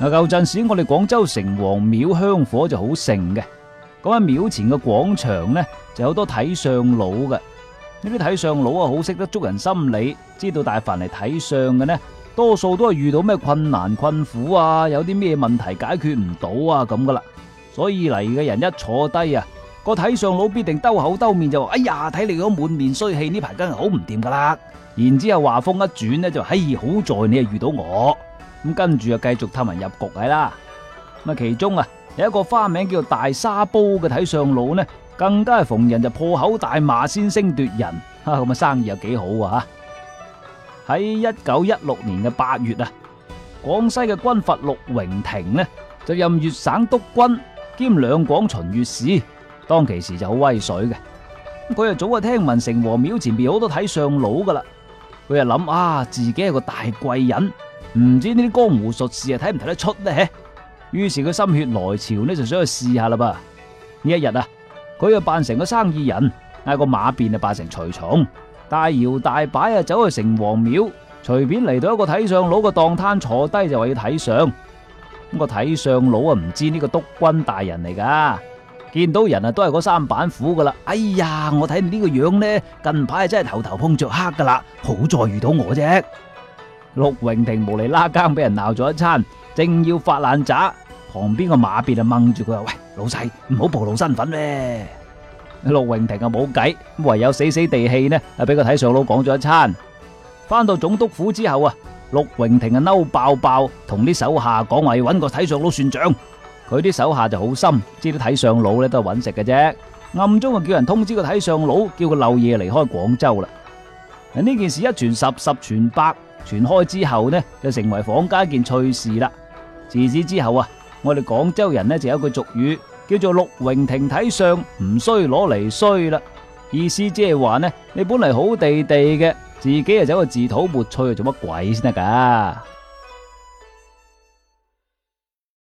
嗱，舊陣時我哋廣州城隍廟香火就好盛嘅，咁喺廟前嘅廣場呢，就好多睇相佬嘅，呢啲睇相佬啊好識得捉人心理，知道大凡嚟睇相嘅呢，多數都係遇到咩困難困苦啊，有啲咩問題解決唔到啊咁噶啦，所以嚟嘅人一坐低啊，個睇相佬必定兜口兜面就話：哎呀，睇你咁滿面衰氣，呢排梗係好唔掂噶啦。然之後話風一轉呢，就：嘿，好在你係遇到我。咁跟住啊，繼續探人入局係啦。咁啊，其中啊有一個花名叫大沙煲嘅睇相佬呢，更加係逢人就破口大罵，先聲奪人。哈，咁啊，生意又幾好啊。喺一九一六年嘅八月啊，廣西嘅軍閥陸榮廷呢就任粵省督軍兼兩廣巡閱使，當其時就好威水嘅。咁佢啊，早就聽聞城隍廟前邊好多睇相佬噶啦，佢就諗啊，自己係個大貴人。唔知呢啲江湖術士啊睇唔睇得出咧？於是佢心血來潮呢，就想去試下啦噃。呢一日啊，佢又扮成個生意人，嗌個馬便啊扮成隨從，大搖大擺啊走去城隍廟，隨便嚟到一個睇相佬個檔攤坐低就話要睇相。咁個睇相佬啊唔知呢個督軍大人嚟噶，見到人啊都係嗰三板斧噶啦。哎呀，我睇你呢個樣呢，近排真係頭頭碰着黑噶啦，好在遇到我啫。陸榮廷無厘啦更，俾人鬧咗一餐，正要發爛渣，旁邊個馬弁啊掹住佢話，喂，老細唔好暴露身份咧。陸榮廷啊冇計，唯有死死地氣呢，啊俾個睇相佬講咗一餐。返到總督府之後啊，陸榮廷啊嬲爆爆，同啲手下講話要搵個睇相佬算賬。佢啲手下就好心，知道睇相佬呢都係揾食嘅啫，暗中啊叫人通知個睇相佬，叫佢漏夜離開廣州啦。呢件事一傳十，十傳百。傳開之後呢，就成為坊間一件趣事啦。自此之後啊，我哋廣州人呢就有句俗語，叫做陸榮廷睇相，唔衰攞嚟衰啦。意思即係話呢，你本嚟好地地嘅，自己又走去自討沒趣，做乜鬼先得噶？